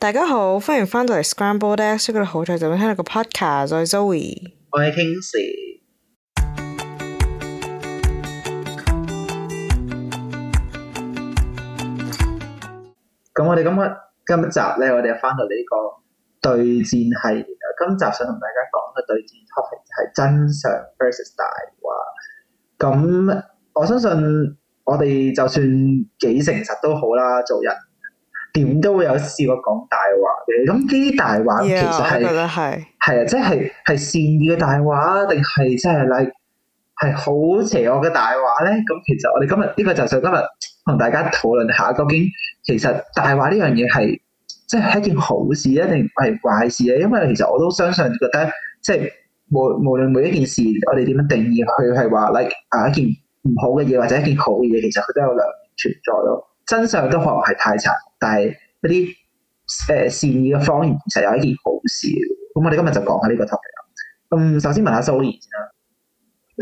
大家好，歡迎翻到嚟 Scrambled Eggs。好彩就會聽到個 podcast，我係 Zoe，我係 Kingsley。咁我哋今日今集咧，我哋又翻到嚟呢個對戰系列。今集想同大家講嘅對戰 topic 係真相 versus 大話。咁我相信我哋就算幾誠實都好啦，做人。點都會有試過講大話嘅，咁呢啲大話其實係係啊，即係係善意嘅大話定係即係 like 係好邪惡嘅大話咧？咁其實我哋今日呢個就想今日同大家討論下，究竟其實大話呢樣嘢係即係一件好事，一定係壞事咧？因為其實我都相信覺得，即係無無論每一件事，我哋點樣定義佢係話 like 啊一件唔好嘅嘢，或者一件好嘅嘢，其實佢都有兩面存在咯。真相都可能係太殘，但係嗰啲誒善意嘅謊言其實有一件好事。咁我哋今日就講下呢個 topic。咁、嗯、首先問下 Sunny 啦，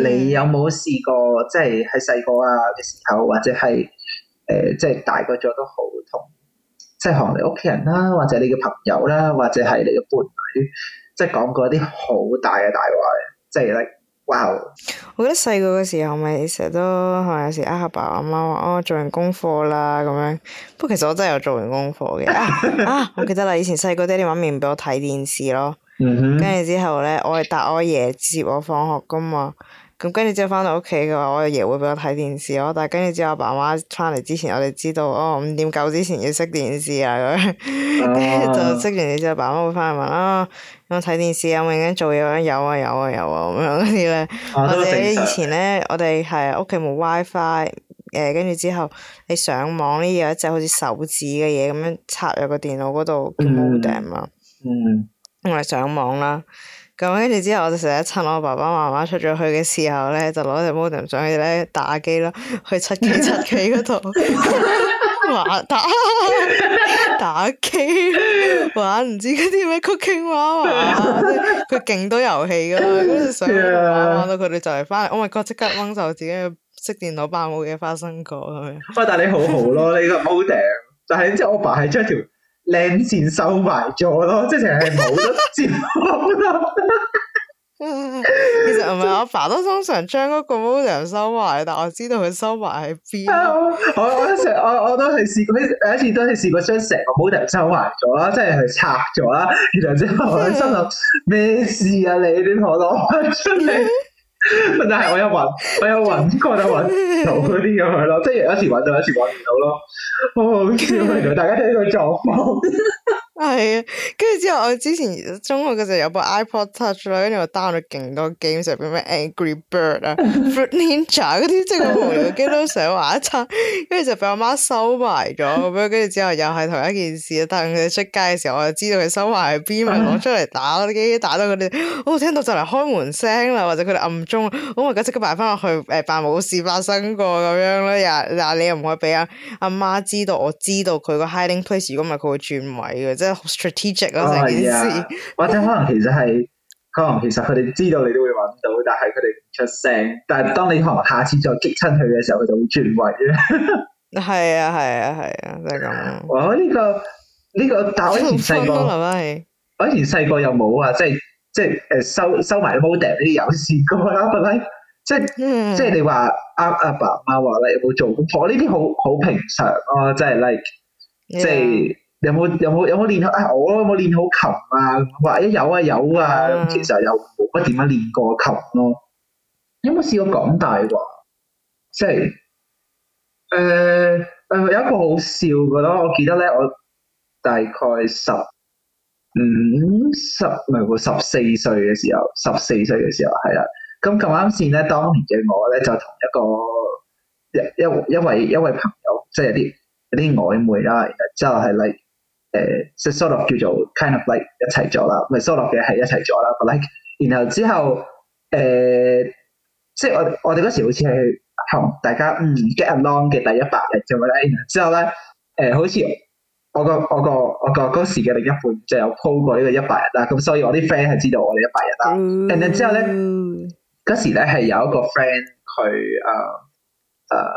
你有冇試過即係喺細個啊嘅時候，或者係誒即係大個咗都好，同即係同你屋企人啦，或者你嘅朋友啦，或者係你嘅伴侶，即係講過一啲好大嘅大話即係咧？Wow. 我覺得細個嘅時候咪成日都可能有時啊，下爸爸媽媽話哦，做完功課啦咁樣。不過其實我真係有做完功課嘅啊， 啊！我記得啦，以前細個爹哋媽咪唔俾我睇電視咯，跟住、mm hmm. 之後咧，我係搭我阿爺接我放學噶嘛。咁跟住之後翻到屋企嘅話，我阿爺會俾我睇電視咯。但係跟住之後阿爸阿媽翻嚟之前，我哋知道哦，五點九之前要熄電視啊。咁、啊、 跟住就熄完你之後，阿爸阿媽會翻嚟問啊，有冇睇電視啊？有冇做嘢啊？有啊！有啊！有啊！咁、啊、樣嗰啲咧，或者、啊、以前咧，我哋係屋企冇 WiFi，誒，跟住之後你上網呢，有一隻好似手指嘅嘢咁樣插入個電腦嗰度叫 modem 啦，咁、嗯、咪、嗯、上網啦。咁跟住之後，我就成日趁我爸爸媽媽出咗去嘅時候咧，就攞隻 modem 上去咧打機咯，去七 K 七 K 嗰度玩打打機，玩唔知嗰啲咩 Cooking 娃娃啊，佢勁 多遊戲噶嘛，所以玩到佢哋就嚟返嚟，我咪即刻掹就自己熄電腦扮冇嘢發生過咁樣。不過 但係你好好咯， 你個 modem，但係即係我爸係將條靚線收埋咗咯，即係成日係冇得接咯、 嗯。其實唔係，我爸都通常將嗰個煲頭收埋，但我知道佢收埋喺邊。我一我成我我都係試過，有一次都係試過將成個煲頭收埋咗啦，即係佢拆咗啦。原來之後我喺心諗咩 事啊？你點可攞翻出嚟？ 但係我有揾，我有揾，覺得揾到嗰啲咁樣咯，即係一時揾到，一時揾唔到咯。好好笑，大家睇呢個狀況。 係啊，跟住之後我之前中學嘅時候有部 iPod Touch 啦，跟住我 down 咗勁多 game，上邊咩 Angry Bird 啊、Fruit Ninja 嗰啲，即係無聊機都想玩一餐，跟住 就俾我媽收埋咗咁樣。跟住 之後又係同一件事，但係佢哋出街嘅時候，我就知道佢收埋喺邊，咪攞 出嚟打啲機，打到佢哋，我、哦、聽到就嚟開門聲啦，或者佢哋暗鐘，我咪即刻擺翻落去，誒、呃，扮冇事發生過咁樣咯。又你又唔可以俾阿阿媽，媽知，道知道，我知道佢個 hiding place，如果唔係佢會轉位嘅，即 strategic 我想嘅，或者可能其實係，可能其實佢哋知道你都會揾到，但係佢哋唔出聲。但係當你可能下次再激親佢嘅時候，佢就會轉位啦。係 啊，係啊，係啊，就係咁啊。我呢、 哦這個呢個呢、呢個，但我以前細個係， 我以前細個又冇啊，即係即係誒收收埋 model 呢啲有試過啦，或者即係即係你話阿阿爸媽話你冇做，我呢啲好好平常啊，即、哦、係 like 即係。有冇有冇有冇練好？啊、哎，我有冇練好琴啊？話誒有啊有啊，嗯、其實又冇乜點樣練過琴咯、啊。有冇試過講大話？即係誒誒，有一個好笑嘅咧，我記得咧，我大概十五十唔係十,十四歲嘅時候，十四歲嘅時候係啦。咁咁啱先咧，當年嘅我咧就同一個一一一位一位朋友，即係有啲有啲曖昧啦，就係嚟。誒，即係 sort of 叫做 kind of like 一齊做啦，唔係 sort of 嘅，係一齊咗啦，我 like。然後之後誒，即係我我哋嗰時好似係同大家嗯、um, get along 嘅第一百日做埋之後咧誒，好似我個我個我個嗰時嘅另一半就有 po 過呢個一百日啦。咁所以我啲 friend 係知道我哋一百日啦。然 n 之後咧嗰時咧係有一個 friend 佢誒誒，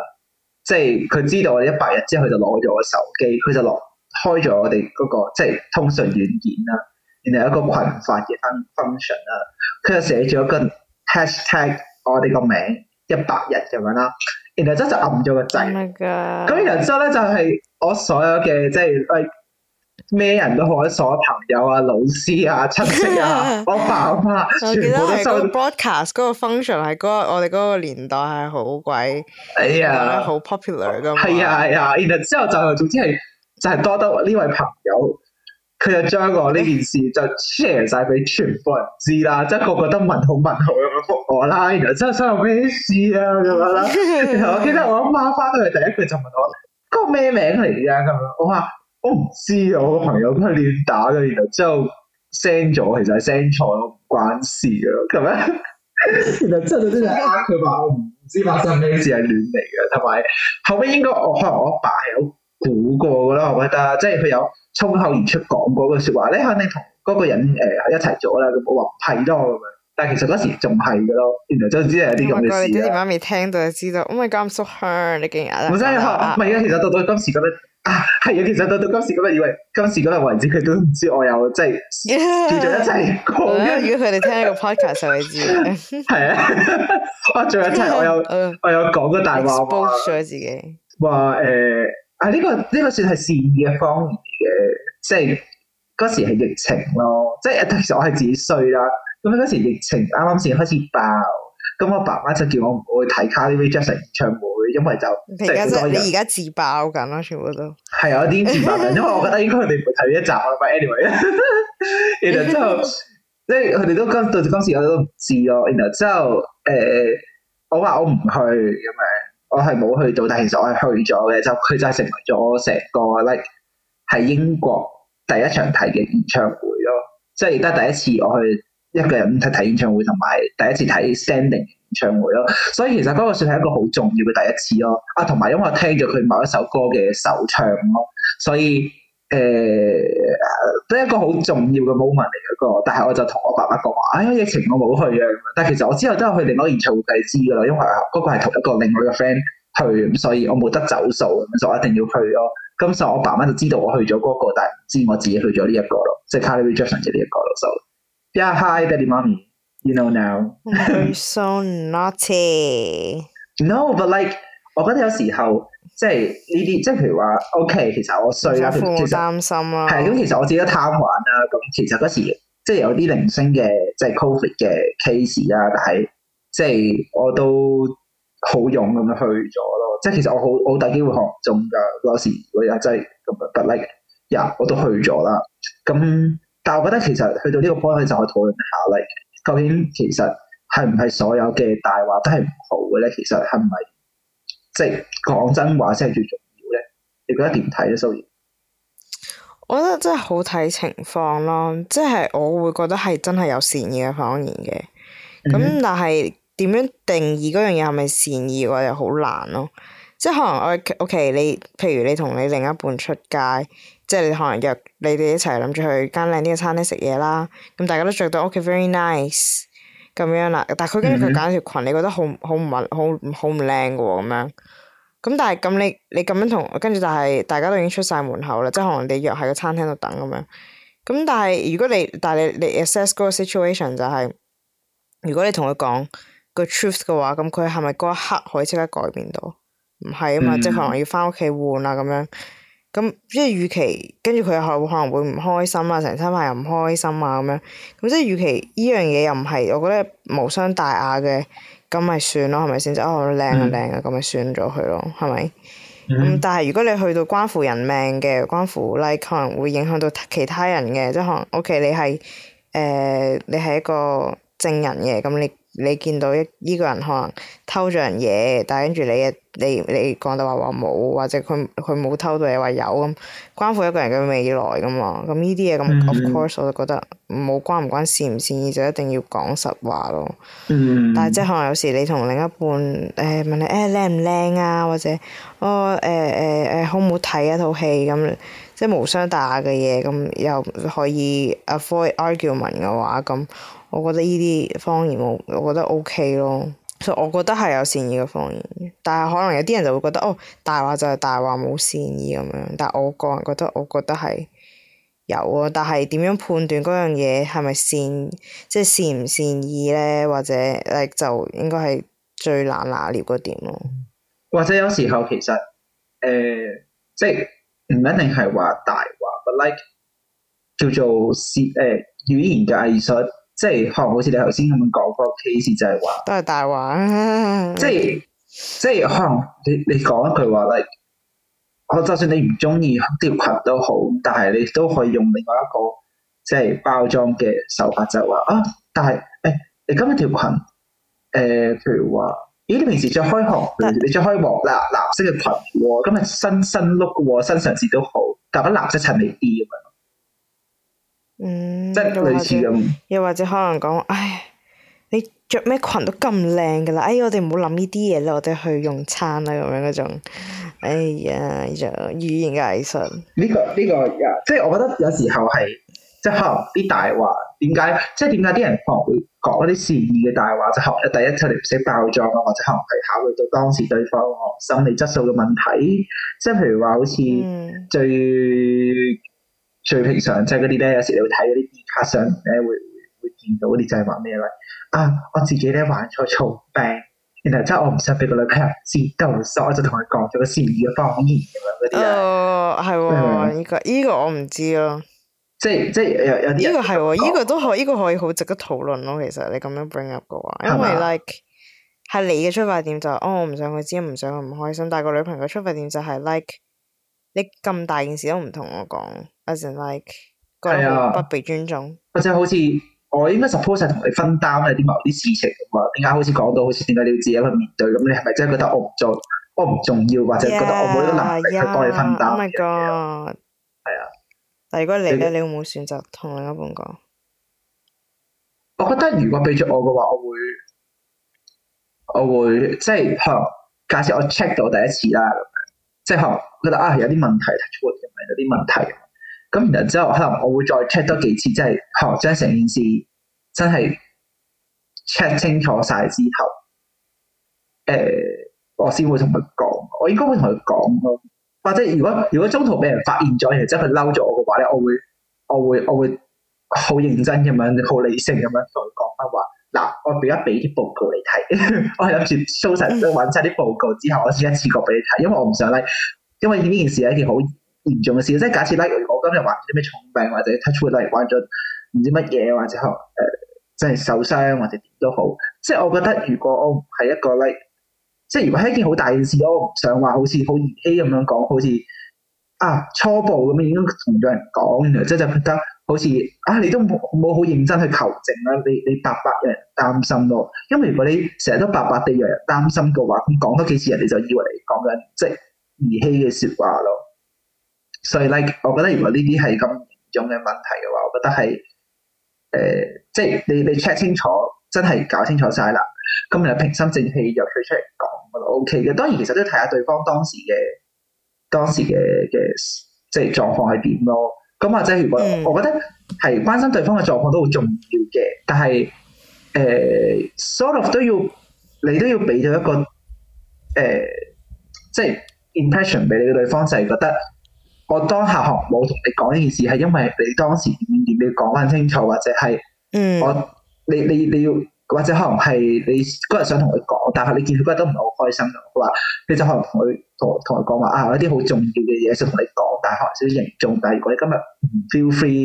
即係佢知道我哋一百日之後，佢就攞咗我手機，佢就攞。開咗我哋嗰個即係通訊軟件啦，然後一個群發嘅 function 啦，佢就寫咗個 hashtag 我哋個名一百日咁樣啦，然後之後就撳咗個掣，咁然之後咧就係我所有嘅即係咩人都可，所有朋友啊、老師啊、親戚啊、我爸我媽全部都收。broadcast 嗰個 function 係嗰我哋嗰個年代係好鬼，哎呀，好 popular 㗎嘛。係啊，係啊，然後之後就總之係。就係多得呢位朋友，佢就將我呢件事就 share 曬俾全部人知啦，即係個個都問好問好咁復我啦。原來真係收到咩事啊咁樣啦。然後我記得我媽翻到嚟第一句就問我：個咩名嚟㗎？咁樣我話我唔知啊，我，我個朋友都係亂打嘅，然後之後 send 咗，其實係 send 錯咯，唔關事啊，咁樣。然後之後就真係啱佢話我唔知發生咩，啲字係亂嚟嘅，同埋後尾應該我可能我阿爸係好。估過噶啦，我覺得，即係佢有衝口而出講嗰句説話咧，肯定同嗰個人誒、呃、一齊咗啦。佢話唔睇多咁樣，但係其實嗰時仲係噶咯。原來就只係啲咁嘅事。我過、oh、你爹媽咪聽到就知道。Oh my god，I'm so hard！你今日唔使學唔係啊，哎？其實到到今時今日啊，係啊！其實到到今時今日以為今時嗰陣為止，佢都唔知我有即係聚在一齊過。如果佢哋聽一個 podcast，就會知。係啊，我仲有一係我有我有講個大話爆咗自己話誒。啊！呢、這個呢、這個算係善意嘅方面嘅，即係嗰時係疫情咯，即係其實我係自己衰啦。咁樣嗰時疫情啱啱先開始爆，咁我爸爸就叫我唔好去睇 Carly Rae Jepsen 嘅演唱會，因為就成個在人。你而家自爆緊啦，全部都係啊！啲自爆嘅， 因為我覺得應該佢哋唔會睇一集，但係 anyway， 然後之後即係佢哋都今到時嗰時我都唔知咯。然後之後誒，我話我唔去咁樣。我係冇去到，但其實我係去咗嘅，就佢就係成為咗我成個 like 喺英國第一場睇嘅演唱會咯，即係都係第一次我去一個人睇睇演唱會同埋第一次睇 standing 演唱會咯，所以其實嗰個算係一個好重要嘅第一次咯，啊同埋因為我聽咗佢某一首歌嘅首唱咯，所以。誒、欸、都係一個好重要嘅 moment 嚟嗰個，但係我就同我爸爸講話，哎，疫情我冇去啊。但係其實我之後都有去另外一個做計知㗎啦，因為嗰個係同一個另外一個 friend 去，咁所以我冇得走數，咁就一定要去咯。咁所以我爸爸就知道我去咗嗰、那個，但係唔知我自己去咗呢、這個、一個咯，即係係佢會知道上邊呢一個咯。So, yeah, hi, daddy mommy, you know now. You're so naughty. No, but like 我覺得有時候。即係呢啲，即係譬如話，OK，其實我衰啊，其實唔擔心啊，其實係咁、啊，其實我自己貪玩啦。咁其實嗰時即係有啲零星嘅，就是，即係 Covid 嘅 case 啊，但係即係我都好勇咁樣去咗咯。即係其實我好好大機會學中噶，有時會有真係咁樣不利呀，like, yeah, 我都去咗啦。咁但係我覺得其實去到呢個 point 就可以討論下咧，究竟其實係唔係所有嘅大話都係唔好嘅咧？其實係唔係？即係講真話，真係最重要咧。你覺得點睇咧，Zoe？我覺得真係好睇情況咯，即係我會覺得係真係有善意嘅謊言嘅。咁、嗯、哼但係點樣定義嗰樣嘢係咪善意，我又好難咯。即係可能我屋企，okay, 你譬如你同你另一半出街，即係你可能約你哋一齊諗住去間靚啲嘅餐廳食嘢啦。咁大家都着到 okay, very nice。咁樣啦，但係佢跟住佢揀條裙，你覺得好好唔好，好唔靚嘅喎咁樣。咁但係咁你你咁樣同跟住，但係大家都已經出晒門口啦，即係可能你約喺個餐廳度等咁樣。咁但係如果你但係你你 assess 嗰個 situation 就係、是，如果你同佢講個 truth 嘅話，咁佢係咪嗰一刻可以即刻改變到？唔係啊嘛，嗯、即係可能要翻屋企換啦咁樣。咁即係與其跟住佢又可能會唔開心啊，成餐飯又唔開心啊咁樣。咁即係與其依樣嘢又唔係我覺得無傷大雅嘅，咁咪算咯，係咪先？即係、mm hmm. 哦，靚啊靚啊，啊，咁咪算咗佢咯，係咪？咁、mm hmm. 但係如果你去到關乎人命嘅，關乎例、like, 如可能會影響到其他人嘅，即係可能 O.K. 你係誒、呃，你係一個證人嘅，咁你。你見到一呢個人可能偷咗人嘢，但係跟住你嘅你你講到話話冇，或者佢佢冇偷到你話有咁，關乎一個人嘅未來噶嘛。咁呢啲嘢咁，of course 我就覺得冇關唔關善唔善意就一定要講實話咯。Mm. 但係即係可能有時你同另一半誒、欸、問你誒靚唔靚啊，或者哦，誒誒誒好唔好睇一套戲咁，即係無傷大雅嘅嘢咁，又可以 avoid argument 嘅話咁。我覺得呢啲謊言我覺得 O、OK、K 咯，所以我覺得係有善意嘅謊言，但係可能有啲人就會覺得哦，大話就係大話冇善意咁樣，但我個人覺得，我覺得係有啊，但係點樣判斷嗰樣嘢係咪善意，即係善唔善意咧，或者誒就應該係最難拿捏嗰點咯。或者有時候其實誒、呃，即係唔一定係話大話，but like 叫做是誒、呃、語言嘅藝術。即係，可能好似你頭先咁樣講個 case 就係話，都係大話。 即係，即係，哦，你你講一句話咧，我就算你唔中意條裙都好，但係你都可以用另外一個即係包裝嘅手法就係話啊，但係誒，你今日條裙誒，譬如話，咦，你平時着開紅，你着開黃啦，藍色嘅裙喎，今日新新 look 喎，新上市都好，夾得藍色襯你啲咁樣。嗯，即係類似咁，又或者可能講，唉，你着咩裙都咁靚噶啦，唉，我哋唔好諗呢啲嘢啦，我哋去用餐啦，咁樣嗰種，哎呀，呢種語言嘅藝術。呢個，呢個，即係我覺得有時候係，即係可能啲大話，點解？即係點解啲人可能講嗰啲善意嘅大話，就可能第一就唔識爆裝咯，或者可能係考慮到當時對方心理質素嘅問題，即係譬如話好似最。嗯最平常即係嗰啲咧，有時你會睇嗰啲 D card 上咧，會會，會見到啲就係話咩咧？啊，我自己咧患咗病，然、呃、後即係我唔想俾個女朋友知道，所以我就同佢講咗個善意嘅謊言咁啲啊。誒，係喎、哦，依、哦這個這個我唔知咯。即係即係有有啲依個係喎、哦，依、這個都可，依、這個可以好值得討論咯。其實你咁樣 bring up 嘅話，因為 like 係吧你嘅出發點就係、哦，我唔想佢知，唔想佢唔開心。但係個女朋友嘅出發點就係 like 你咁大件事都唔同我講。或者，like，係好不被尊重，或者、啊嗯、好似我應該 suppose 係同你分擔啊啲某啲事情咁嘛。點解好似講到好似點解你要自己去面對咁？你係咪真係覺得我唔做，我唔重要，或者覺得我冇呢個能力去幫你分擔？係啊，係啊，係啊，係啊，係啊，係啊，係啊，係啊，係啊，係啊，係啊，係啊，係我系啊，係啊，係啊，係啊，係啊，係我係啊，係啊，係啊，係啊，係啊，系啊，係啊，系啊，係啊，係啊，係啊，係啊，係啊，係啊，係啊，係啊，但如果你，你會唔會選擇同另一半講？我覺得如果俾咗我嘅話，我會，我會，即係，假設我 check 到第一次啦，咁樣即係可能覺得，啊，有啲問題，有啲問題。咁然之後，可能我會再 check 多幾次，即係學將成件事真係 check 清楚晒之後，誒、呃，我先會同佢講。我應該會同佢講咯。或者如果如果中途俾人發現咗，然後之後佢嬲咗我嘅話咧，我會我會我會好認真咁樣好理性咁樣同佢講翻話。嗱、就是，我俾一俾啲報告你睇， 我係諗住 show 晒即係揾晒啲報告之後，我先一次過俾你睇，因為我唔想咧，因為呢件事係一件好嚴重嘅事，即係假設咧，我今日患咗啲咩重病，或者突出嚟患咗唔知乜嘢，或者誒、即、呃、係受傷或者點都好，即係我覺得如果我唔係一個咧、like，即係如果係一件好大件事，我唔想話好似好兒戲咁樣講，好似啊初步咁樣已經同咗人講，即係就覺得好似啊你都冇好認真去求證啦，你你白白人擔心咯。因為如果你成日都白白地讓人擔心嘅話，咁講多幾次，人哋就以為你講緊即係兒戲嘅說話咯。所以 So，like、mm hmm. 我覺得，如果呢啲係咁嚴重嘅問題嘅話，我覺得係，誒、呃，即係你你 check 清楚，真係搞清楚晒啦，咁你平心靜氣約佢出嚟講，我覺得 O K 嘅。當然，其實都睇下對方當時嘅當時嘅嘅即係狀況係點咯。咁或者如果我覺得係關心對方嘅狀況都好重要嘅，但係誒、呃、sort of 都要你都要俾到一個誒、呃，即係 impression 俾你嘅對方，就係覺得。我當下行冇同你講呢件事，係因為你當時你要講返清楚，或者係我、嗯、你你你要，或者可能係你嗰日想同佢講，但係你見佢覺得唔係好開心，佢話你就可能同佢同同佢講話啊，有啲好重要嘅嘢想同你講，但係可能少少嚴重。但係如果你今日唔 feel free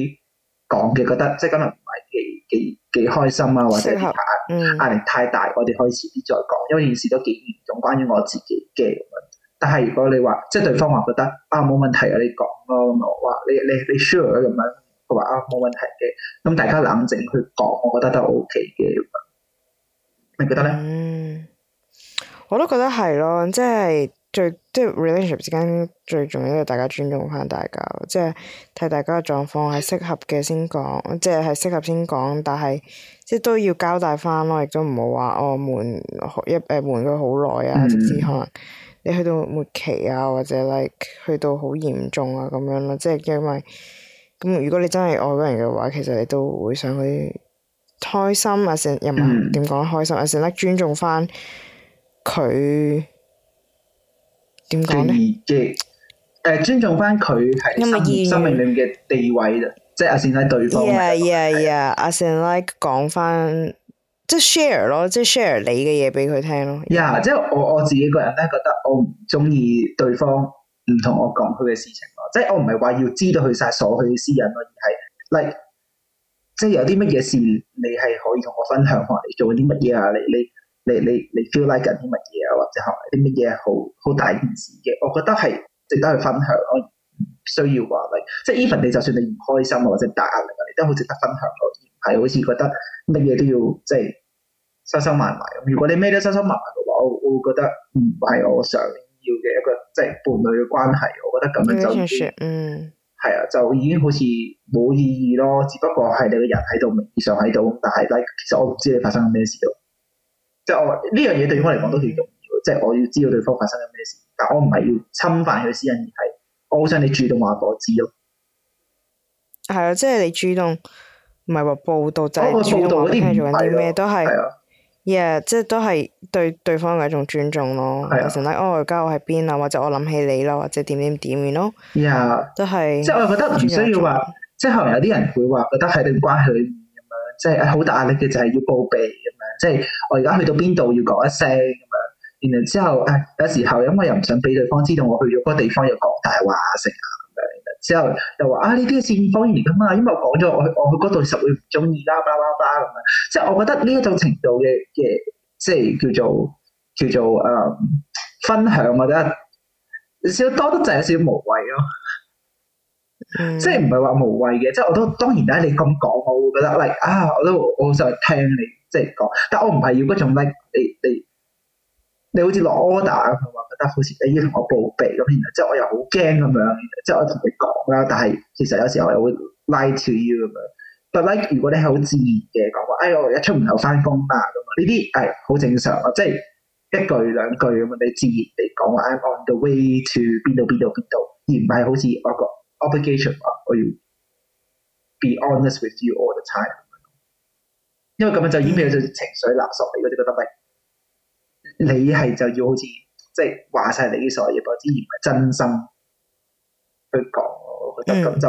講嘅，覺得即係今日唔係幾幾幾開心啊，或者壓壓力太大，我哋可以遲啲再講，因為件事都幾嚴重，關於我自己嘅但係如果你話即係對方話覺得啊冇問題啊你講咯咁啊你你你 sure 咁樣佢話啊冇問題嘅、啊、咁大家冷靜去講我覺得都 O K 嘅，你覺得咧、嗯？我都覺得係咯，即係最即係 relationship 之間最重要都係大家尊重翻大家，即係睇大家嘅狀況係適合嘅先講，即係係適合先講，但係即係都要交代翻咯，亦都唔好話我瞞一誒瞞佢好耐啊，直至可能。嗯你去到末期啊，或者 like 去到好嚴重啊，咁樣咯，即係因為咁，如果你真係愛嗰人嘅話，其實你都會想去開心啊，成又唔係點講咧？開心啊，成啦尊重翻佢點講呢？嘅誒，尊重翻佢係生生命裏嘅地位啫，即係阿成喺對方。yeah yeah 阿成 like 講翻即係 share 咯，即係 share 你嘅嘢俾佢聽咯。即係我我自己個人咧覺得。我唔中意對方唔同我講佢嘅事情咯，即係我唔係話要知道佢晒所有嘅私隱咯，而係，like，即係有啲乜嘢事你係可以同我分享，我哋做咗啲乜嘢啊？你你你你你 feel like 緊啲乜嘢啊？或者係啲乜嘢好好大件事嘅，我覺得係值得去分享咯。需要話你，like，即係 even 你就算你唔開心啊，或者大壓力啊，你都好值得分享咯。係好似覺得乜嘢都要即係。收收埋埋，如果你咩都收收埋埋嘅話，我會覺得唔係我想要嘅一個即係伴侶嘅關係。我覺得咁樣就，嗯，係啊，就已經好似冇意義咯。只不過係你個人喺度，名義上喺度，但係咧，其實我唔知你發生咗咩事咯。即係我呢樣嘢對於我嚟講都幾重要，即係、嗯、我要知道對方發生咗咩事。但我唔係要侵犯佢私隱，而係我好想你主動話我知咯、嗯。係啊，即係你主動，唔係話報道，就係主動啲咩都係。耶！Yeah, 即係都係對對方嘅一種尊重咯。係啊的，在我而家我喺邊啊，或者我諗起你啦，或者點點點，然咯。耶！都係 是。即係我覺得唔需要話，即係可能有啲人會話覺得喺啲關係裏面咁樣，即係好大壓力嘅就係要報備咁樣。即係我而家去到邊度要講一聲咁樣，然後之後誒，有時候因為又唔想俾對方知道我去咗嗰個地方又講大話之後又話啊，呢啲係善意謊言嚟㗎嘛，因為我講咗我去我去嗰度實會唔中意啦，巴拉巴拉咁樣，即係我覺得呢一種程度嘅嘅，即係叫做叫做誒分享，我覺得少多得就係少無謂咯。即係唔係話無謂嘅，即係我都當然啦。你咁講，我會覺得，例如啊，我都我好想聽你即係講，但我唔係要嗰種你你你好似落 order 咁話，覺得好似你要同我報備咁，然後即係我又好驚咁樣，即係我同你講。但係其實有時候我又會 lie to you 咁樣，but like，如果你係好自然嘅講話，哎呀，我一出門口翻工啦咁啊，呢啲係好正常啊，即係一句兩句咁樣你自然嚟講話。I'm on the way to 邊度邊度邊度，而唔係好似我個 obligation 我要 be honest with you all the time。因為咁樣就意味就情緒勒索嚟，啲、這個。覺得咪你係就要好似即係話晒你所有嘢，但係之前唔係真心去講。咁就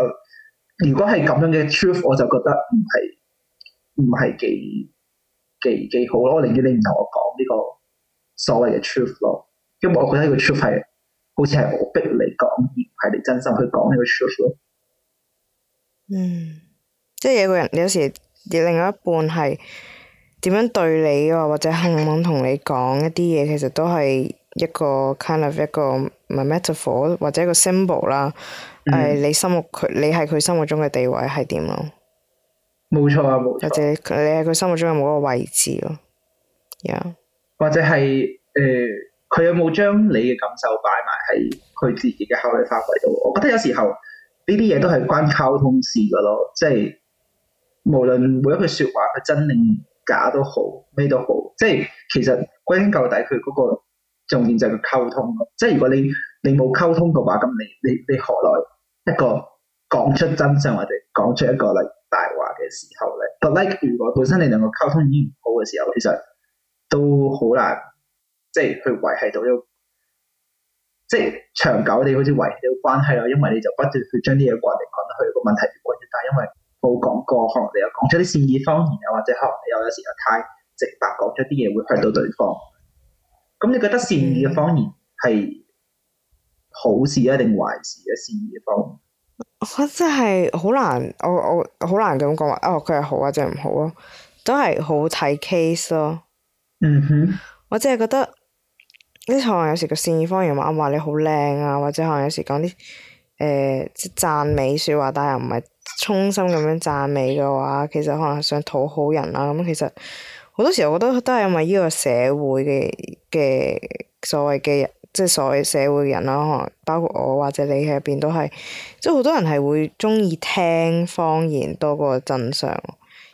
如果係咁樣嘅 truth，我就覺得唔係唔係幾幾幾好咯。我寧願你唔同我講呢個所謂嘅 truth 咯，因為我覺得呢個 truth 係好似係我逼你講，而唔係你真心去講呢個 truth 咯。嗯，即係有個人有時你另外一半係點樣對你啊，或者肯唔肯同你講一啲嘢，其實都係。一個 kind of 一個 metaphor 或者一個 symbol 啦、嗯哎，係你心目佢你喺佢心目中嘅地位係點咯？冇錯啊！冇錯。或者、呃、有有你喺佢心目中有冇一個位置咯？或者係誒，佢有冇將你嘅感受擺埋喺佢自己嘅考慮範圍度？我覺得有時候呢啲嘢都係關溝通事嘅咯，即、就、係、是、無論每一句説話佢真定假都好，咩都好，即係其實歸根究底佢嗰、那個。重點就係個溝通咯，即係如果你你冇溝通嘅話，咁你你你何來一個講出真相或者講出一個大話嘅時候咧？But like 如果本身你兩個溝通已經唔好嘅時候，其實都好難即係去維係到一個即係長久你好似維係到關係咯，因為你就不斷去將啲嘢講嚟講去個問題越滾越大，因為冇講過可能你又講出啲善意謊言，又或者可能你有時又太直白講出啲嘢會 hurt 到對方。咁你覺得善意嘅謊言係好事啊，定壞事啊？善意嘅謊言，我真係好難，我我好難咁講話哦，佢係好啊，定唔好咯？都係好睇 case 咯。嗯哼，我真係覺得，呢，可能有時個善意謊言話唔話你好靚啊，或者可能有時講啲誒即讚美說話，但係又唔係衷心咁樣讚美嘅話，其實可能係想討好人啊。咁其實。好多時候，我覺得都係因為呢個社會嘅嘅所謂嘅人，即係所謂社會人啦，可能包括我或者你喺入邊都係，即係好多人係會中意聽謊言多過真相，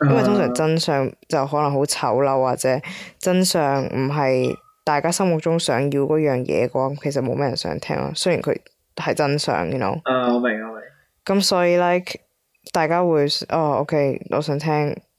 因為通常真相就可能好醜陋或者真相唔係大家心目中想要嗰樣嘢嘅話，其實冇咩人想聽咯。雖然佢係真相嘅咯。誒，我明我明。咁所以咧、like，大家會哦、oh，OK，我想聽。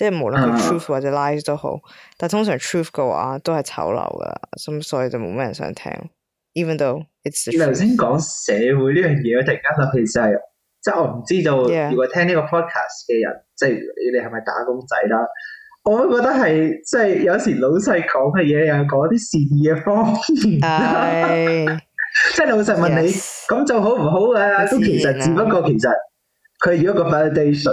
即係無論 truth 或者 lies 都好，uh huh. 但係通常 truth 嘅話都係醜陋噶，咁所以就冇咩人想聽。Even though 頭先講社會呢樣嘢，突然間諗起就係，即係我唔知道，Yeah. 如果聽呢個 podcast 嘅人，即係你哋係咪打工仔啦？我都覺得係，即係有時老細講嘅嘢又講啲善意嘅謊言。即 係、uh、 老細問你咁就 Yes. 好唔好啊？都、啊、其實只不過其實佢要一個 validation。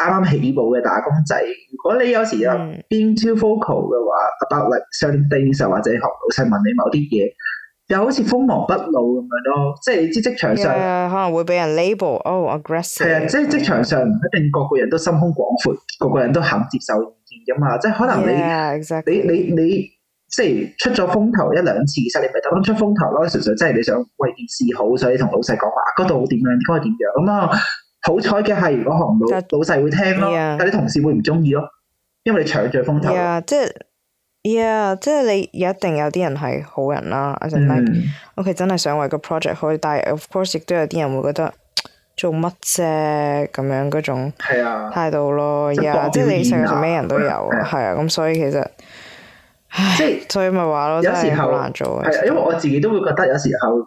啱啱起步嘅打工仔，如果你有時又 being too vocal 嘅話，嗯，about like 上第二受或者學老細問你某啲嘢，又好似鋒芒不露咁樣咯，即係你知職場上可能會俾人 label 哦 aggressive，係啊，yeah, 即係職場上唔一定個個人都心胸廣闊，個個人都肯接受意見噶嘛，即係可能你 yeah, exactly. 你你你，你即係出咗風頭一兩次，其實你咪等當出風頭咯，純粹即係你想為件事好，所以同老細講話嗰度點樣，應該係點樣啊～好彩嘅係，如果學唔到，老細會聽咯，但啲同事會唔中意咯，因為你搶着風頭。呀，即係即係你一定有啲人係好人啦，阿陳威，屋企真係想為個 project 開，但係 of course 亦都有啲人會覺得做乜啫咁樣嗰種態度咯。即係你世界上咩人都有，係啊，咁所以其實，即係所以咪話咯，真係好難做嘅。因為我自己都會覺得有時候。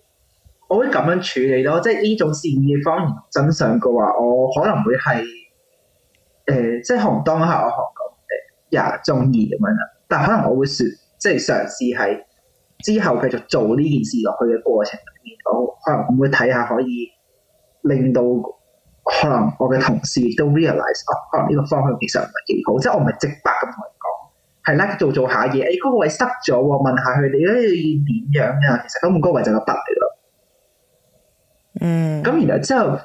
我會咁樣處理咯，即係呢種善意嘅謊言真相嘅話，我可能會係誒、呃，即係紅當一下我紅誒，呀，中意咁樣。但係可能我會說，即係嘗試喺之後繼續做呢件事落去嘅過程裏面，我可能會睇下可以令到可能我嘅同事都 realize 哦、啊，可能呢個方向其實唔係幾好。即係我唔係直白咁同人講，係咧做，做做下嘢，誒嗰個位塞咗喎，問下佢哋咧要點樣啊？其實咁嗰個位就個筆嚟。嗯，咁然後之後，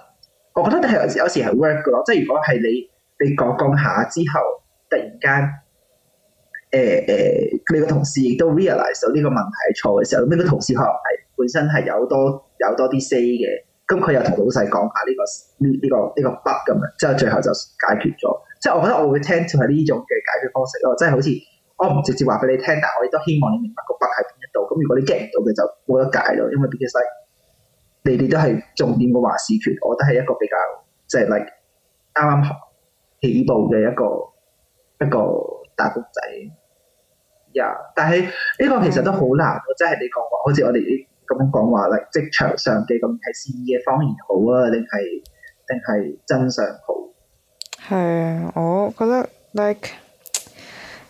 我覺得係有時有時係 work 嘅咯。即係如果係你你講講下之後，突然間，誒、呃、誒、呃，你個同事亦都 realize 到呢個問題係錯嘅時候，呢、呢個同事可能係本身係有多有多啲 say 嘅，咁佢又同老細講下呢、呢個呢呢呢個 bug 咁樣，之後最後就解決咗。即係我覺得我會聽就係呢種嘅解決方式咯。即係好似我唔直接話俾你聽，但係我亦都希望你明白個 bug 喺邊一度。咁如果你 get 唔到嘅就冇得解咯，因為 because 你哋都係重點嘅話事權，我都係一個比較即係 like 啱啱起步嘅一個一個打工仔。呀、yeah！但係呢個其實都好難，嗯、即係你講話，好似我哋咁樣講話咧，職場上嘅咁係善意嘅方面好啊，定係定係真相好？係啊，我覺得 like。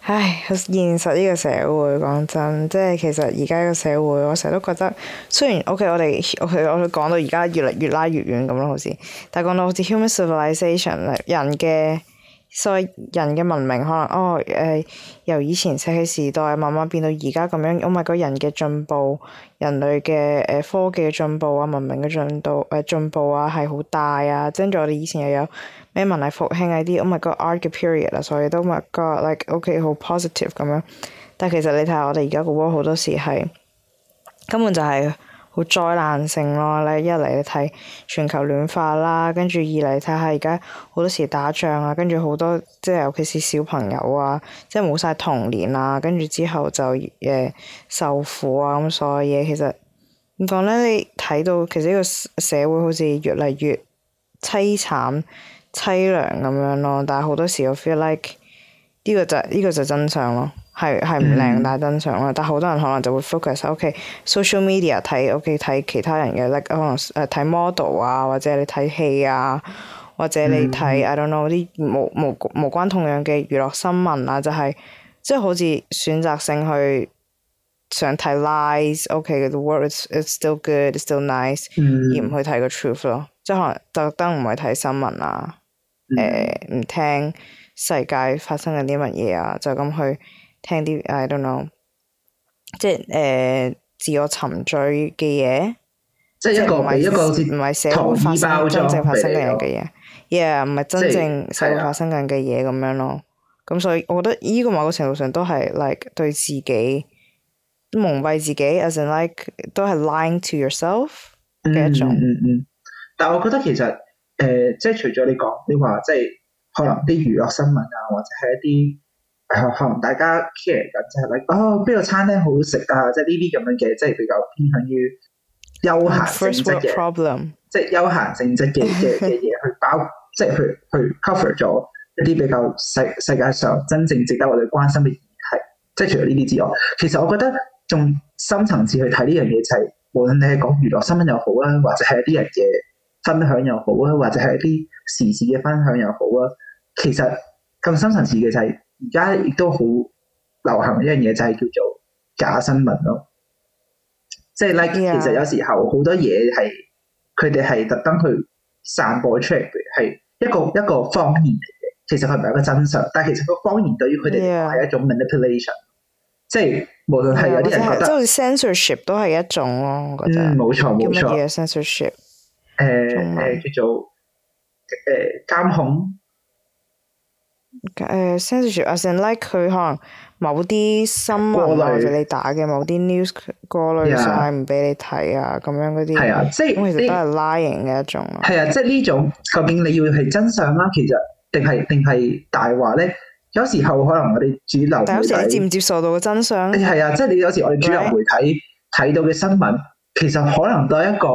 唉，現實呢個社會講真，即係其實而家個社會，社會我成日都覺得，雖然 OK，我哋 OK，我哋講到而家越嚟越拉越遠咁咯，好似，但係講到好似 human civilization 咧，人嘅所謂人嘅文明可能哦誒、呃，由以前石器時代慢慢變到而家咁樣，我咪覺得人嘅進步，人類嘅誒、呃、科技嘅進,進,、呃、進步啊，文明嘅進度誒進步啊，係好大啊，跟住我哋以前又有。咩文系復興嗰啲？Oh my god，art 嘅 period 啊，所以都 my god，like 屋企好 positive 咁樣。但係其實你睇下我哋而家個 world 好多時係根本就係好災難性咯。一你一嚟你睇全球暖化啦，跟住二嚟睇下而家好多時打仗啊，跟住好多即係尤其是小朋友啊，即係冇晒童年啊，跟住之後就誒受苦啊咁，所以其實點講咧？你睇到其實呢個社會好似越嚟越凄慘。凄涼咁樣咯，但係好多時我 feel like 呢個就呢個就真相咯，係係唔靚，但係真相咯。但係好多人可能就會 focus 喺、okay, social media 睇，喺、okay, 睇其他人嘅，例、like, 如可能睇、呃、model 啊，或者你睇戲啊，或者你睇、mm. I don't know 啲無無無關痛癢嘅娛樂新聞啊，就係即係好似選擇性去想睇 lies，OK，the、okay, world is still good，is still nice，、mm. 而唔去睇個 truth 咯，即係可能特登唔去睇新聞啊。誒，唔、uh, mm. 聽世界發生緊啲乜嘢啊，就咁去聽啲 I don't know，即係誒，uh, 自我沉醉嘅嘢，即係唔係一個唔係社會發生真正發生緊嘅嘢，yeah，唔係真正社會發生緊嘅嘢咁樣咯。咁是所以我覺得呢個某個程度上都係 like 對自己蒙蔽自己，as in like 都係 lying to yourself 嘅一種。嗯嗯嗯、但係我覺得其實。誒、呃，即係除咗你講，你話即係可能啲娛樂新聞啊，或者係一啲、呃、可能大家 care 緊就係、是、咧、like，哦，哦邊個餐廳好好食啊，即係呢啲咁樣嘅，即係比較偏向於休閒性質嘅，oh, 即係休閒性質嘅嘅嘅嘢，去包，即係去去 cover 咗一啲比較世世界上真正值得我哋關心嘅議題，即係除咗呢啲之外，其實我覺得仲深層次去睇呢樣嘢就係、是，無論你係講娛樂新聞又好啦，或者係一啲樣嘢。分享又好啊，或者係一啲時事嘅分享又好啊，其實咁深層次嘅就係而家亦都好流行一樣嘢，就係叫做假新聞咯。即係 like Yeah. 其實有時候好多嘢係佢哋係特登去散播出嚟，係一個一個謊言嚟嘅。其實佢唔係一個真實，但係其實個謊言對於佢哋係一種 manipulation，Yeah. 即係無論係有啲人覺得，Yeah. 嗯、即係、就係、censorship 都係一種咯。我覺得冇、嗯、錯冇錯，censorship。誒誒，叫做誒監控誒，censorship 啊，成拉佢可能某啲新聞啊，或者你打嘅某啲 news 過濾晒，唔俾濕你睇啊，咁樣嗰啲係啊，即係、啊就是、其實都係 lying 嘅一種咯。係啊，即係呢種究竟你要係真相啦，其實定係定係大話咧？有時候可能我哋主流媒體，但有時你接唔接受到個真相？係啊，即、就、係、是、你有時我哋主流媒體睇到嘅新聞，啊、對對其實可能都係一個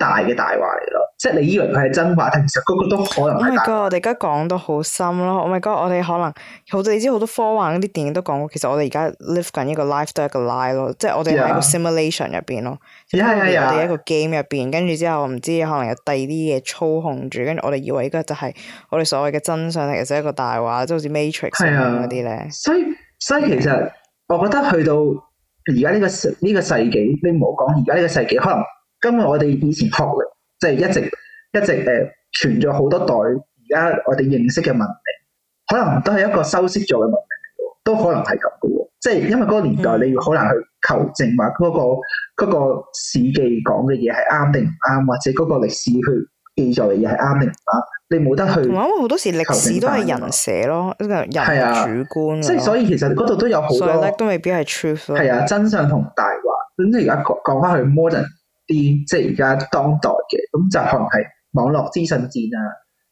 大嘅大話嚟咯，即係你以為佢係真話，其實個個都可能。Oh my God, 我哋而家講到好深咯，oh my God, 我哋可能好多，你知好多科幻嗰啲電影都講過，其實我哋而家 live 緊一個 life 都係一個 lie 咯，Yeah. 即係我哋喺個 simulation 入邊咯，Yeah. 我哋一個 game 入邊，跟住之後唔知可能有第二啲嘢操控住，跟住我哋以為依個就係我哋所謂嘅真相，其實一個大話，即係好似 Matrix 嗰啲咧。Yeah. 所以所以其實我覺得去到而家呢個世呢個世紀，你唔好講而家呢個世紀可能。今日我哋以前學歷，即係一直一直誒、呃、傳咗好多代，而家我哋認識嘅文明，可能都係一個修飾咗嘅文明嚟嘅，都可能係咁嘅喎。即係因為嗰個年代，你要好難去求證話嗰個史記講嘅嘢係啱定唔啱，或者嗰個歷史去記載嘅嘢係啱定唔啱。你冇得去同埋，因為好多時歷史都係人寫咯，人主觀。即係、啊、所以其實嗰度都有好多，嗯、都未必係 truth。係啊，真相同大話。咁而家講講翻去 modern。啲即係而家當代嘅咁就可能係網絡資訊戰啊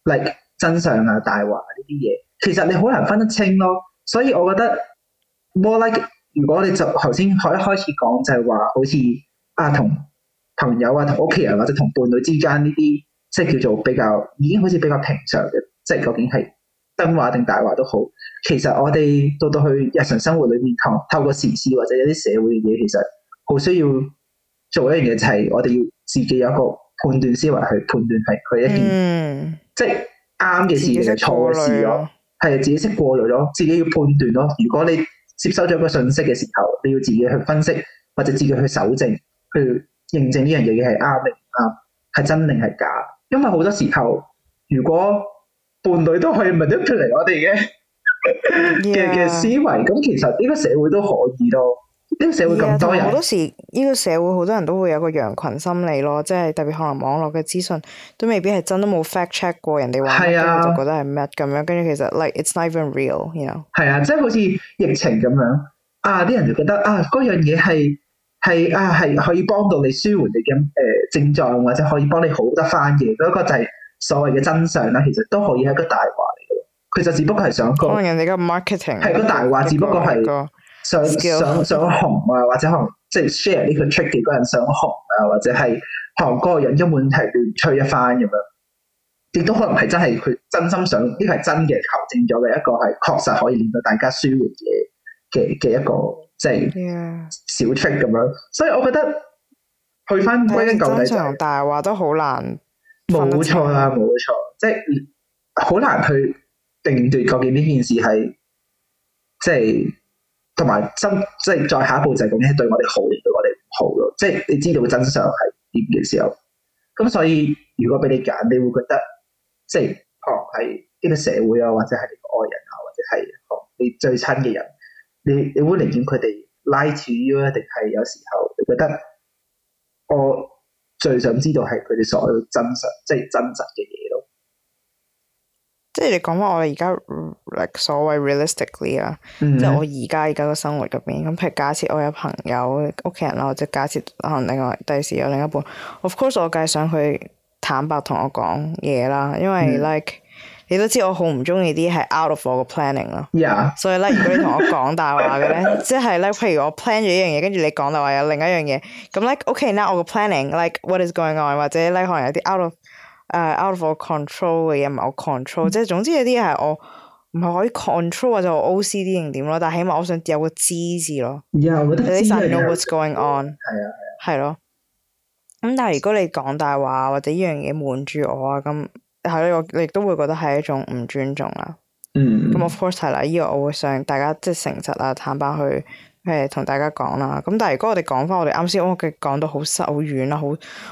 ，like 真相啊、大話啊呢啲嘢，其實你好難分得清咯。所以我覺得 more like 如果我哋就頭先可開開始講就係話、啊，好似啊同朋友啊、同屋企人、啊、或者同伴侶之間呢啲，即係叫做比較已經好似比較平常嘅，即係究竟係真話定大話都好，其實我哋到到去日常生活裏面透透過時事或者有啲社會嘅嘢，其實好需要。做一樣嘢就係我哋要自己有一個判斷思維去判斷係佢一件、嗯、即係啱嘅事咯，錯嘅事咯，係自己識過濾咯，自己要判斷咯。如果你接收咗一個信息嘅時候，你要自己去分析，或者自己去搜證去認證呢樣嘢係啱定唔啱，係真定係假。因為好多時候，如果伴侶都可以問得出嚟我哋嘅嘅嘅思維，咁其實呢個社會都可以咯。呢、yeah, 呢個社會咁多人，好多時呢個社會好多人都會有個羊群心理咯，即係特別可能網絡嘅資訊都未必係真，都冇 fact check 過人哋話，跟住 Yeah. 就覺得係咩咁樣。跟住其實 like it's not even real，you know？係啊，即係好似疫情咁樣啊，啲人就覺得啊，嗰樣嘢係係啊係可以幫到你舒緩你嘅誒、呃、症狀，或者可以幫你好得翻嘅。不、那、過、個、就係所謂嘅真相啦，其實都可以係一個大話嚟嘅。其實只不過係想講可能人哋嘅 marketing 係、那個大話，只不過係。想想想紅啊，或者可能即係 share 呢個 trick，幾個人想紅啊，或者係韓國人根本係亂吹一番咁樣，亦都可能係真係佢真心想呢個係真嘅，求證咗嘅一個係確實可以令到大家舒緩嘅嘅嘅一個即係、就是、小 trick 咁樣，所以我覺得去翻歸根究底上，但係話都好難，冇錯啦，冇錯、啊，即係好難去定奪究竟呢件事係即係。同埋真即係再下一步就係講啲對我哋好定對我哋唔好咯，即係你知道真相係點嘅時候，咁所以如果俾你揀，你會覺得即係可能係呢個社會啊，或者係你個愛人啊，或者係係、哦、你最親嘅人，你你會寧願佢哋拉住你啊，定係有時候你覺得我最想知道係佢哋所有真實即係真實嘅嘢咯。即係你講翻我哋而家所謂 realistically 啊、mm，hmm. 即係我而家而家個生活入邊咁。譬如假設我有朋友、屋企人啦，或者假設可能另外第時有另一半，of course 我梗係想佢坦白同我講嘢啦。因為、mm hmm. like 你都知我好唔中意啲係 out of 我個 planning 囉。所以咧，如果你同我講大話嘅咧，即係咧，譬如我 plan 咗一樣嘢，跟住你講就話有另一樣嘢。咁咧、like,，okay now 我個 planning，like what is going on？或者咧、like, 可能有啲 out of 誒、uh, out of control 嘅嘢唔係我 control、mm hmm. 即係總之有啲嘢係我唔係可以 control 或者我 OCD 啲定點咯，但係起碼我想有個知字咯。有，yeah, 我覺得知字係。just know is what's going on。係啊係啊。係咯。咁、嗯、但係如果你講大話或者依樣嘢瞞住我啊，咁係咯，我你亦都會覺得係一種唔尊重啦。Mm hmm. 嗯。咁我 first 係啦，依個我會想大家即係誠實啊，坦白去，同 大家講啦。咁但係，如果我哋講翻，我哋啱先，我嘅講到好深、好遠啦，好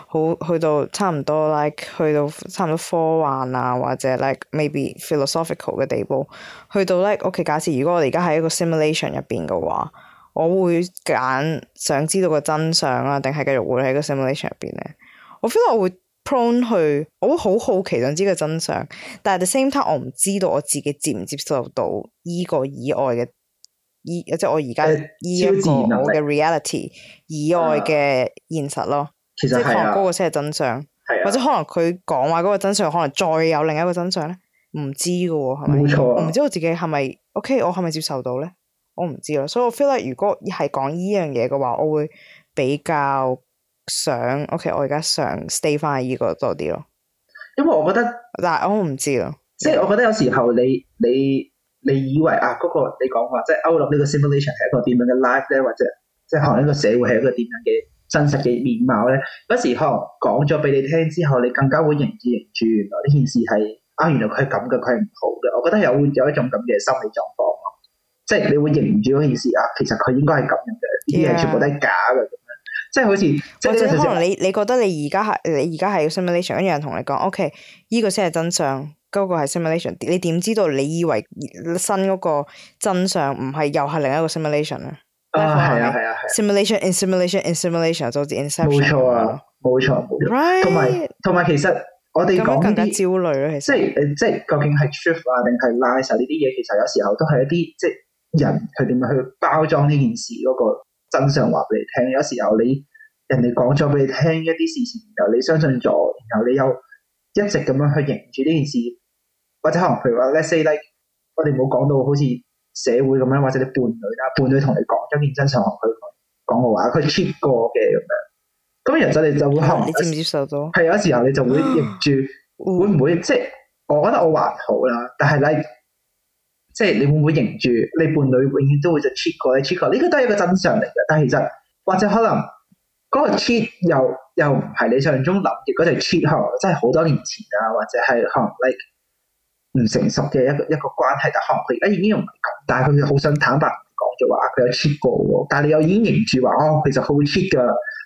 好去到差唔多，like 去到差唔多科幻啊，或者 like maybe philosophical 嘅地步，去到 like，我、okay, 嘅假設，如果我哋而家喺一個 simulation 入邊嘅話，我會揀想知道個真相啊，定係繼續會喺個 simulation 入邊咧？我 feel 我會 prone 去，我會好好奇想知個真相。但係 the same time，我唔知道我自己接唔接受到依個以外嘅。依即係我而家依一個我嘅 reality 以外嘅現實咯，其實可能嗰先係真相，啊、或者可能佢講話嗰個真相，可能再有另一個真相咧，唔知噶喎，係咪？啊、我唔知我自己係咪？OK，我係咪接受到咧？我唔知啦，所以我 feel 咧、like，如果係講依樣嘢嘅話，我會比較想 OK，我而家想 stay 翻喺依個多啲咯。因為我覺得嗱，但我唔知啊，即係我覺得有時候你你。你以為啊，嗰、那個你講話即係歐陸呢個 simulation 係一個點樣嘅 life 咧，或者即可能呢個社會係一個點樣嘅真實嘅面貌咧？不時可能講咗俾你聽之後，你更加會認住認住，原來呢件事係啊，原來佢係咁嘅，佢係唔好嘅。我覺得又會有一種咁嘅心理狀況咯，即係你會認唔住嗰件事啊，其實佢應該係咁嘅，呢啲嘢全部都係假嘅咁 Yeah. 樣，即係好似即係可能你是你覺得你而家係你而家係 simulation，一樣同你講 O K，呢個先係真相。嗰個係 simulation，你點知道？你以為新嗰個真相唔係又係另一個 simulation 咧？啊，係啊，係啊，simulation，simulation，simulation，做啲 Inception。冇、啊啊 so、錯啊，冇錯，冇錯 Right?。同埋，同埋，其實我哋講更加焦慮啊。其實即係即係，究竟係 truth 啊，定係 lie 啊呢啲嘢？其實有時候都係一啲即係人佢點樣去包裝呢件事嗰個真相話俾你聽。有時候你人哋講咗俾你聽一啲事情，然後你相信咗，然後你又一直咁樣去認住呢件事。或者可能，譬如話，let's say like，我哋冇講到好似社會咁樣，或者你伴侶啦，伴侶同你講咗件真相，佢講個話，佢 cheat 過嘅咁樣，咁人仔你就會可能接，接唔接受到？係有時候你就會認住會會，會唔會即係我覺得我還好啦，但係咧，即係你會唔會認住你伴侶永遠都會就 cheat 過？你 cheat 過呢個都係一個真相嚟嘅，但係其實或者可能嗰個 cheat 又又唔係你想象中諗嘅嗰條 cheat 河，即係好多年前啊，或者係可能 like。唔成熟嘅一個一個關係，但可能佢而家已經唔係但係佢好想坦白講就話佢有 cheat 過喎。但係你又已經認住話哦，其實好 cheat 噶，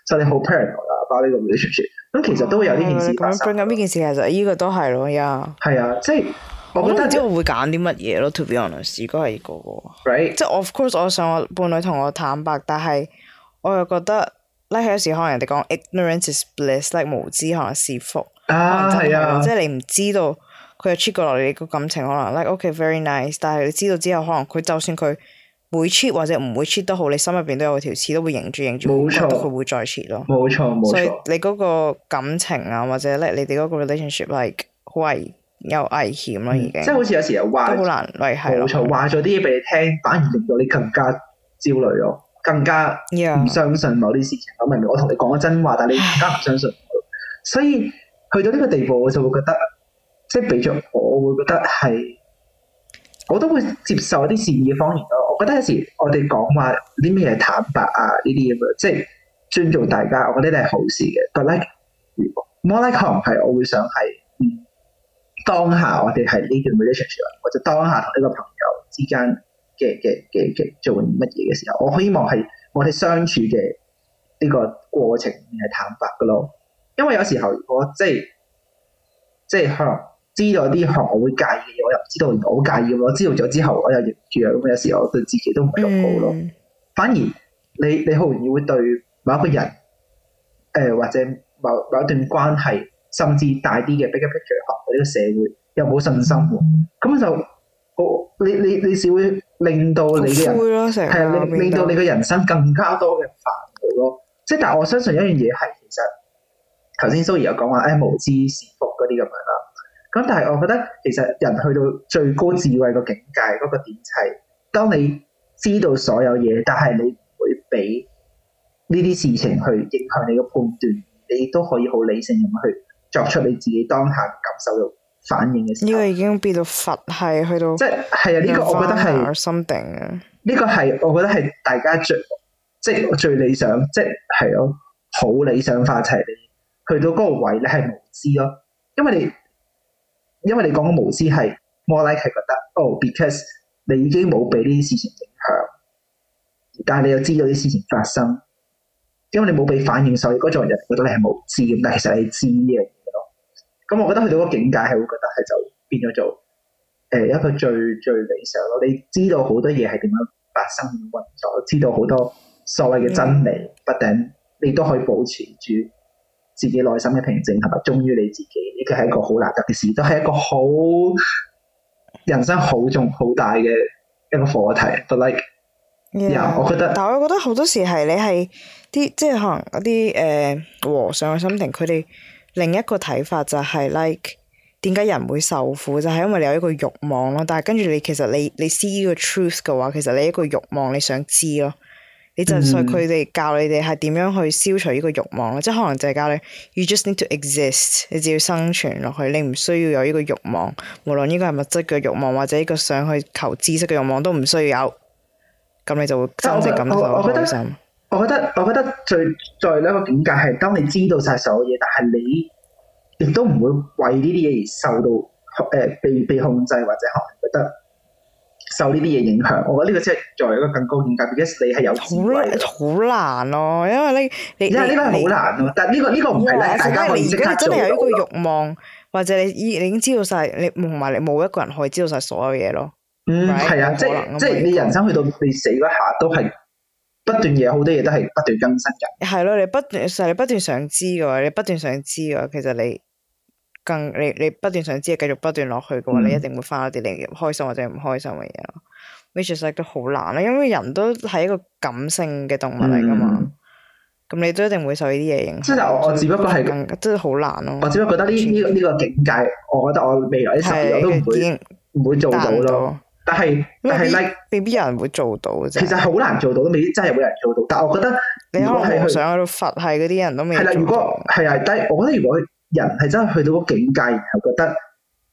就你好 painful 啦。包呢個唔知出唔出，咁其實都會有呢件事發生。咁呢件事其實依個都係咯，依啊，係啊，即係我覺得我知道我會揀啲乜嘢咯。To be honest，如果係依個喎，right。即係 of course，我想我伴侶同我坦白，但係我又覺得 like 有時可能人哋講 ignorance is bliss，like 無知可能是福啊，係啊，即係你唔知道。佢又 cheat 過落嚟，你個感情可能 like okay very nice，但係你知道之後，可能佢就算佢會 cheat 或者唔會 cheat 都好，你心入邊都有條刺，都會凝住凝住，覺得佢會再 cheat 咯。冇錯錯，冇錯。所以你嗰個感情啊，或者你哋嗰個 relationship like 好危有危險咯，已經、嗯。即係好似有時候話都好難維繫咯。冇錯、嗯，話咗啲嘢俾你聽，反而令到你更加焦慮咯，更加唔相信某啲事情。Yeah. 我明，我同你講真話，但係你而家唔相信我。 所以去到呢個地步，我就會覺得。即係俾咗我，我會覺得係，我都會接受一啲善意嘅謊言咯。我覺得有時我哋講話啲咩係坦白啊，呢啲咁樣，即係尊重大家，我覺得呢啲係好事嘅。但係，like, 如果 more like how 係，我會想係，嗯，當下我哋係呢段 relationship 或者當下同呢個朋友之間嘅嘅嘅嘅做緊乜嘢嘅時候，我希望係我哋相處嘅呢個過程係坦白噶咯。因為有時候如果即係即係可能。知道啲行我會介意嘅嘢，我又唔知道唔好介意。我知道咗之後，我又忍住。咁有時我對自己都唔好咯。嗯、反而你你好容易會對某一個人，誒、呃、或者某某一段關係，甚至大啲嘅 big picture 學呢個社會有冇信心，咁就我你你你少會令到你啲人係啊，的令令到你嘅人生更加多嘅煩惱咯。即係但我相信一樣嘢係，其實頭先 Zoe 有講話，誒無知是福嗰啲咁樣。哎咁但係我覺得其實人去到最高智慧個境界嗰、那個點就係當你知道所有嘢，但係你唔會俾呢啲事情去影響你個判斷，你都可以好理性咁去作出你自己當下感受嘅反應嘅時候，呢個已經變到佛系去到，即係啊！呢、這個我覺得係心定呢個係我覺得係大家最即係、就是、最理想，即係係咯，好、啊、理想化就係你去到嗰個位你係無知咯，因為你。因為你講嘅無知係 more like，係覺得哦，because 你已經冇俾呢啲事情影響，但係你又知道呢啲事情發生，因為你冇俾反應，所以嗰種人覺得你係無知，但係其實你知呢嘢咯。咁我覺得去到個境界係會覺得係就變咗做誒一個最最理想咯。你知道好多嘢係點樣發生運作，知道好多所謂嘅真理，but then、嗯、你都可以保持住。自己內心嘅平靜同埋忠於你自己，呢個係一個好難得嘅事，都係一個好人生好重好大嘅一個課題。But、like，但係 Yeah,、yeah, 我覺得好多時係你係啲即係可能一啲誒和尚嘅心情。佢哋另一個睇法就係 like 點解人會受苦？就係、係、因為你有一個慾望咯。但係跟住你其實你你 see 個 truth 嘅話，其實你，你，truth，其實你一個慾望你想知咯。你就算佢哋教你哋係點樣去消除呢個慾望咯，嗯、即係可能就係教你，you just need to exist，你只要生存落去，你唔需要有呢個慾望，無論呢個係物質嘅慾望或者呢個想去求知識嘅慾望都唔需要有。咁你就會真正感受開心。我，我覺得我覺得，我覺得最再一個點解係，當你知道晒所有嘢，但係你亦都唔會為呢啲嘢而受到誒、呃、被被控制或者吓唔覺得。受呢啲嘢影響，我覺得呢個即係作為一個更高境界嘅。而且你係有智慧，好難咯，因為呢你好難咯，但呢個呢個唔係咧，因為你而家，家你真係有一個慾望，到或者你已你已經知道晒，你同埋你冇一個人可以知道晒所有嘢咯。嗯，係啊，即係即係你人生去到你死嗰下都係不斷嘢，好多嘢都係不斷更新嘅。係咯，你不斷，你不斷想知嘅話，你不斷想知嘅話，其實你。更你你不斷想知，繼續不斷落去嘅話，你一定會翻一啲你開心或者唔開心嘅嘢咯。which is actually 都好難咧，因為人都係一個感性嘅動物嚟噶嘛。咁你都一定會受呢啲嘢影響。即係我只不過係即係好難咯。我只不過覺得呢呢呢個境界，我覺得我未來啲十年都唔會唔會做到咯。但係但係未必有人會做到啫。其實好難做到，都未必真係會有人做到。但係我覺得你可能係想去到佛係嗰啲人都未。如果係啊，但係我覺得如果。人係真係去到嗰境界，然後覺得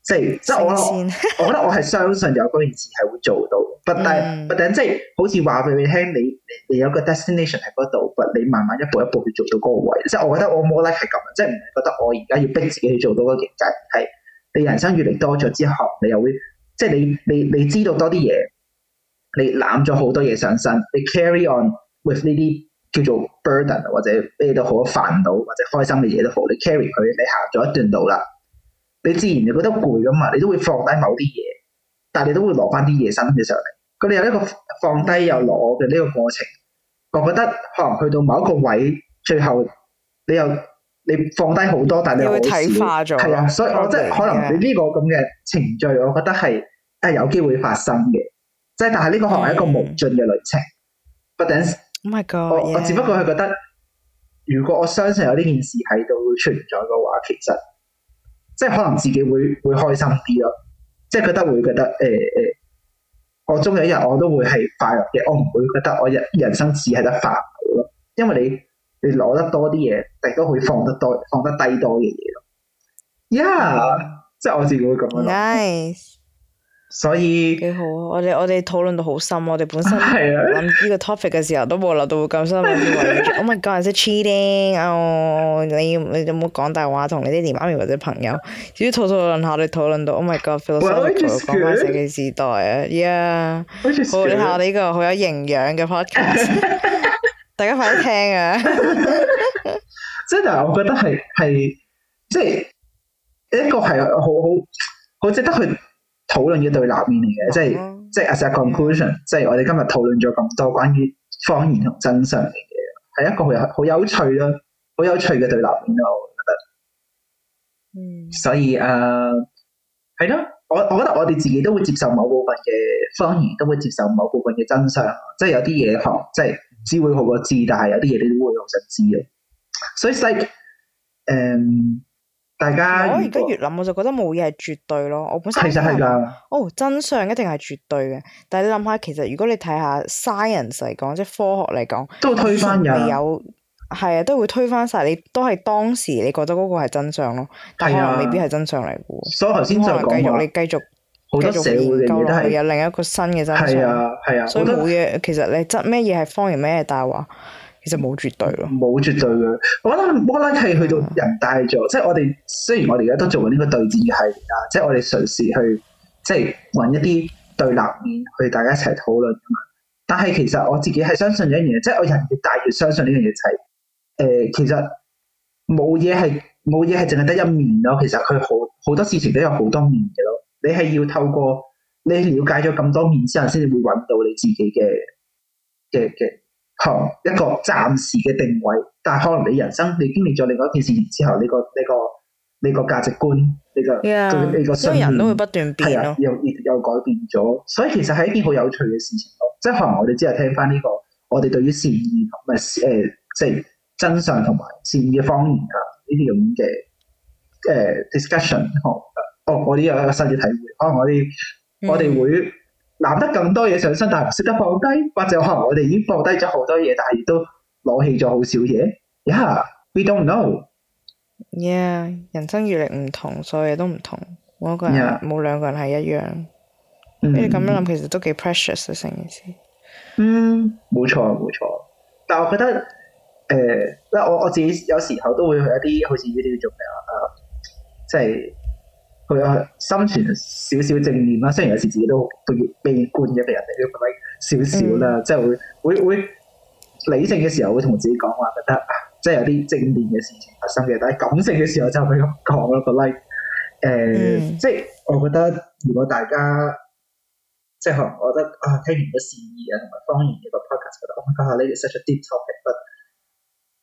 即係即係我，就是、成仙 我覺得我係相信有嗰件事係會做到，不但不但即係好似話俾你聽，你你你有個 destination 喺嗰度，但你慢慢一步一步去做到嗰個位。即係、嗯、我覺得我 more like 係咁，即係唔係覺得我而家要逼自己去做到嗰境界。係你人生閱歷多咗之後，你又會即係、就是、你你你，你知道多啲嘢，你攬咗好多嘢上身，你 carry on with 呢啲。叫做 burden 或者咩都好，煩惱或者開心嘅嘢都好，你 carry 佢，你行咗一段路啦，你自然你覺得攰噶嘛，你都會放低某啲嘢，但係你都會攞翻啲嘢新嘅上嚟，佢哋有一個放低又攞嘅呢個過程，我覺得可能去到某一個位，最後你又你放低好多，但係你又會睇化咗，係啊，所以我即係、嗯、可能你呢個咁嘅程序，我覺得係係有機會發生嘅，即係但係呢個係一個無盡嘅旅程，不等、嗯。我只不過係覺得，如果我相信有呢件事喺度會存在嘅話，其實即係可能自己會會開心啲咯，即係覺得會覺得誒誒、欸欸，我終有一日我都會係快樂嘅，我唔會覺得我人，人生只係得煩惱咯，因為你你攞得多啲嘢，亦都可以放得多放得低多嘅嘢咯。Yeah，mm. 即係我自己會咁樣諗。Nice. 所以幾好啊！我哋我哋討論到好深，我哋本身諗呢、啊、個 topic 嘅時候都冇留到咁深入嘅位置。我咪嗰陣時 cheating 啊、oh！我你你有冇講大話同你爹哋媽咪或者朋友？至於討論下，我哋討論到、oh、my God, 我咪個 feel so good，講翻世紀時代啊！yeah， 好睇下我哋呢個好有營養嘅 podcast，大家快啲聽啊！即係但係，我覺得係係即係一個係好好好值得去。討論嘅對立面嚟嘅，即係即係 as a conclusion，即係我哋今日討論咗咁多關於謊言同真相嘅嘢，係一個好有好有趣咯，好有趣嘅對立面咯，我覺得。嗯。Mm. 所以誒，係、uh, 咯，我我覺得我哋自己都會接受某部分嘅謊言，都會接受某部分嘅真相，即、就、係、是、有啲嘢學，即係只會好過知，但係有啲嘢你都會好想知咯。所以，所以，嗯。大家，我而家越諗我就覺得冇嘢係絕對咯，我本身其實係啦哦，真相一定係絕對嘅，但係你諗下，其實如果你睇下 science 嚟講，即係科學嚟講，都會推翻有係啊，都會推翻晒，你都係當時你覺得嗰個係真相咯，但可能未必係真相嚟嘅。所以我頭先就講，你繼續好多社會嘅嘢，繼續研究落去有另一個新嘅真相。係啊係啊，所以冇嘢，其實你執咩嘢係謊言，咩嘢係大話。其實冇絕對咯，冇絕對嘅。我覺得，我咧係去到人大咗，即係我哋雖然我哋而家都做緊呢個對峙系列啊，即係我哋嘗試去即係搵一啲對立面去大家一齊討論。但係其實我自己係相信一樣嘢，即係我人越大越相信呢樣嘢就係，誒、呃，其實冇嘢係冇嘢係淨係得一面咯。其實佢好好多事情都有好多面嘅咯。你係要透過你了解咗咁多面之後，先至會搵到你自己嘅嘅嘅。同一個暫時嘅定位，但係可能你人生你經歷咗另外一件事情之後，你個呢個呢個價值觀，你個呢個信念，好人都會不斷變咯、啊，又又又改變咗，所以其實係一件好有趣嘅事情咯。即係可能我哋只係聽翻呢、這個，我哋對於善意同埋誒，即係真相同埋善意嘅謊言啊，呢啲咁嘅誒 discussion。哦，我我都有一個新嘅體會。可能我哋我哋會。嗯攬得咁多嘢上身，但係唔捨得放低，或者可能我哋已經放低咗好多嘢，但係亦都攞起咗好少嘢。Yeah, we don't know。Yeah，人生閱歷唔同，所有嘢都唔同。每一個人，冇兩 Yeah. 個人係一樣。你咁樣諗，mm hmm. 其實都幾 precious 嘅成件事。嗯、mm，冇錯冇錯。但係我覺得，誒，嗱，我我自己有時候都會去一啲好似呢啲咁樣啊，即、就、係、是。佢啊！心存少少正面啦，雖然有時自己都都要悲觀嘅，俾人哋要咁樣少少啦，嗯、即係會會會理性嘅時候會同自己講話，覺得、嗯啊，即係有啲正面嘅事情發生嘅。但係感性嘅時候就唔係咁講咯，個 like 誒，呃嗯、即係我覺得如果大家即係可能我覺得啊，聽唔到善意啊同埋方言嘅個 podcast，覺得我覺得呢啲 such a deep topic，但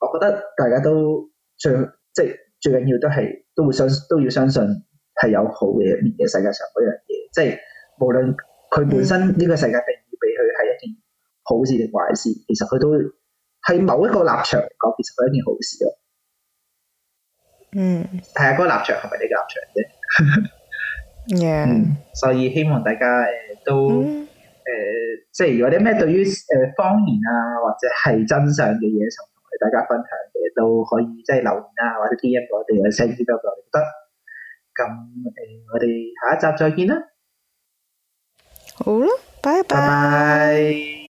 我覺得大家都最即係最緊要都係都會相都要相信。係有好嘅一面，世界上嗰樣嘢，即係無論佢本身呢個世界定義俾佢係一件好事定壞事，其實佢都係某一個立場嚟講，其實佢係一件好事咯。嗯，睇下個立場係咪你嘅立場啫。嗯，所以希望大家誒、呃、都誒、嗯呃，即係如果啲咩對於誒謊言啊，或者係真相嘅嘢想同大家分享嘅，都可以即係留言啊，或者 DM 我哋定係聲之類嘅都得。咁誒，我哋下一集再見啦！好啦，拜拜。Bye bye。